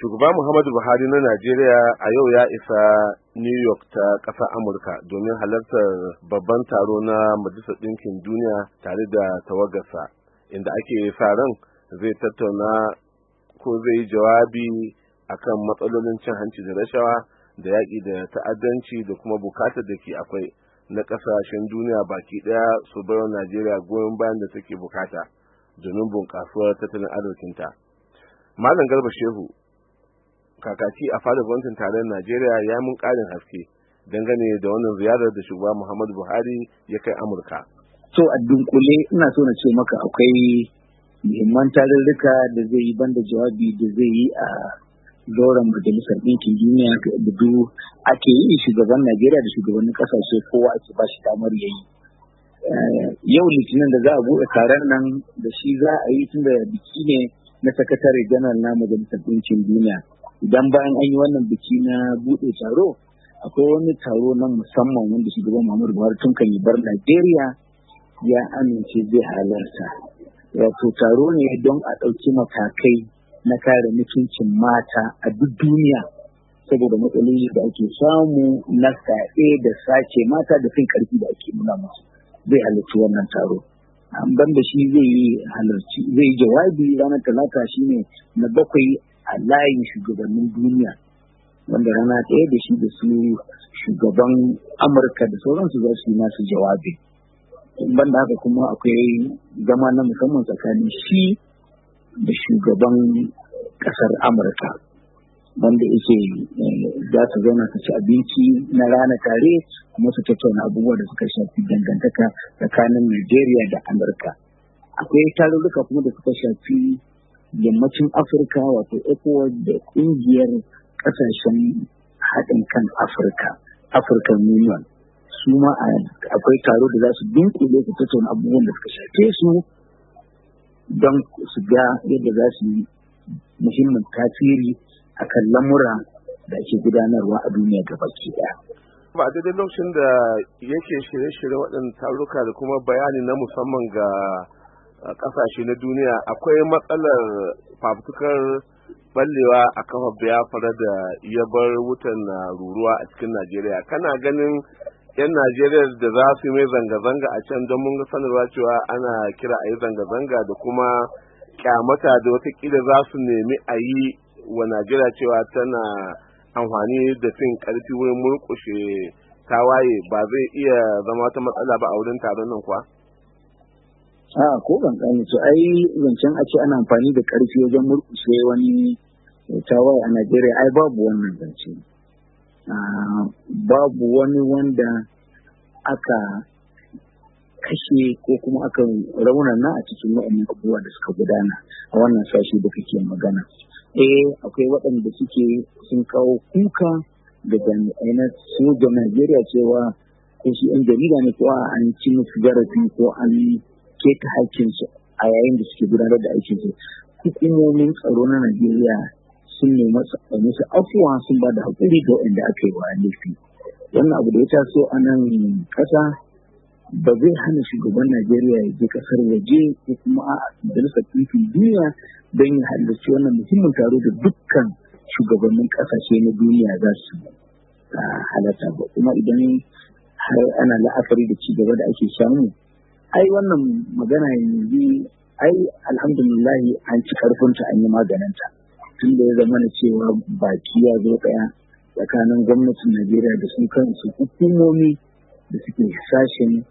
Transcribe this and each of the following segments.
shugaba muhammadu buhari na najeriya a yau ya isa new york ta ƙasar amurka domin halartar babban taro na majalisar ɗinkin duniya tare da tawagarsa inda ake sa ran zai tattauna ko zai yi jawabi a kan matsalolin cin hanci da rashawa da yaƙi da ta'addanci da kuma bukatar da ke akwai na ƙasashen duniya baki ɗaya su bar najeriya goyon bayan da take bukata domin bunƙasuwar tattalin arzikinta malam garba shehu Kakaci, a fadar gwamnatin tarayyar najeriya ya mun karin haske dangane da wannan ziyarar da shugaba muhammadu buhari ya kai amurka To a dunkule ina so na ce maka akwai muhimman tarurruka da zai yi banda jawabi da zai yi a zauren majalisar ɗinkin duniya da duk ake yi shugaban najeriya da shugabannin ƙasashe kowa ake ba shi damar ya yi eh, yau litinin da za a buɗe taron nan da shi za a yi tun da biki ne na sakatare janar na majalisar ɗinkin duniya idan bayan an yi wannan biki na buɗe taro akwai wani taro na musamman wanda shugaban muhammadu buhari tun kan yi bar najeriya ya amince zai halarta wato taro ne don a ɗauki matakai na kare mutuncin mata a duk duniya saboda matsaloli da ake samu na sa'e da sace mata da fin karfi da ake nuna musu zai halarci wannan taro ban da shi zai halarci zai jawabi ranar talata shine na bakwai a layin shugabannin duniya wanda rana ɗaya da shi da su shugaban amurka da sauransu za su yi nasu jawabi da haka kuma akwai zama na musamman tsakanin shi da shugaban ƙasar amurka wanda yake eh, za su zauna su ci abinci na rana tare kuma su tattauna abubuwa da suka shafi dangantaka tsakanin Najeriya da Amurka. Akwai tarurruka kuma da suka shafi yammacin Afirka wato ECOWAS da ƙungiyar kasashen haɗin kan Afirka, African Union. Su ma eh, akwai taro da za su dunkule su tattauna abubuwan da suka shafe su don su ga yadda za su yi muhimmin tasiri akan lamura da ake gudanarwa a duniya gaba ke daya. ba a daidai lokacin da yake shirye-shirye waɗannan taruka da kuma bayani na musamman ga ƙasashe na duniya akwai matsalar fafutukar ballewa a kafa biyafara da yabar wutan na ruruwa a cikin najeriya kana ganin 'yan najeriya da za su mai zanga-zanga a can don mun sanarwa cewa ana kira ayi zanga-zanga da kuma kyamata da watakila za su nemi a yi wa najeriya cewa tana amfani da fin karfi wurin murkushe tawaye ba zai iya zama wata matsala ba a wurin taron nan kuwa a ko ban kani to ai zancen a ce ana amfani da karfi wajen murkushe wani tawaye a najeriya ai babu wannan zance babu wani wanda aka kashe ko kuma aka raunana a cikin waɗannan abubuwa da suka gudana a wannan sashi da kake magana. eh akwai waɗanda suke sun kawo kuka da jami'ai na soja najeriya cewa ko shi yan jarida ne ko an ci musu zarafi ko an keta haƙƙinsu a yayin da suke gudanar da aikinsu hukumomin tsaro na najeriya sun nemi musu afuwa sun ba da haƙuri ga waɗanda aka yi wa laifi wannan abu da ya taso a nan ƙasa ba zai hana shugaban Najeriya ya je kasar waje ko kuma a majalisar ɗinkin duniya don ya halarci wannan muhimmin taro da dukkan shugabannin ƙasashe na duniya za su halarta ba kuma idan har ana la'afari da ci gaba da ake samu ai wannan magana yanzu ai alhamdulillah an ci karfinta an yi maganinta tun da ya zama na cewa baki ya zo ɗaya tsakanin gwamnatin najeriya da su kansu hukumomi da suke sashen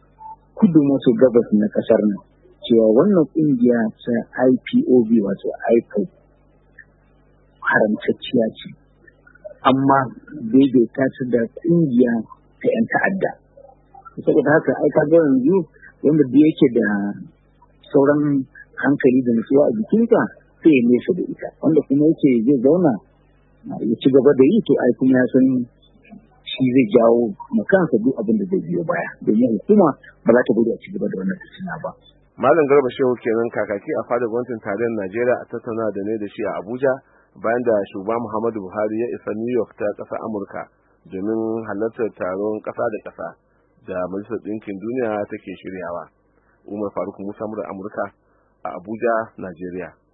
kudu maso gabas na kasar nan cewa wannan kungiya ta ipov wato ipo haramtacciya ce amma daidaita ta da kungiya ta 'yan ta'adda saboda haka aika ga yanzu wanda da yake da sauran hankali da nutsuwa a jikinta sai ya nesa da ita wanda kuma yake zai zauna ya ci gaba da yi to ai kuma ya san shi zai jawo ma duk abin da zai biyo baya domin hukuma ba za ta bari a ci gaba da wannan fitina ba malam garba shehu kenan kakaki a fadar gwamnatin tarayyar najeriya a tattauna da ne da shi a abuja bayan da shugaba muhammadu buhari ya isa new york ta Kasa amurka domin halartar taron kasa da kasa da majalisar ɗinkin duniya take shiryawa umar faruk musa amurka a abuja najeriya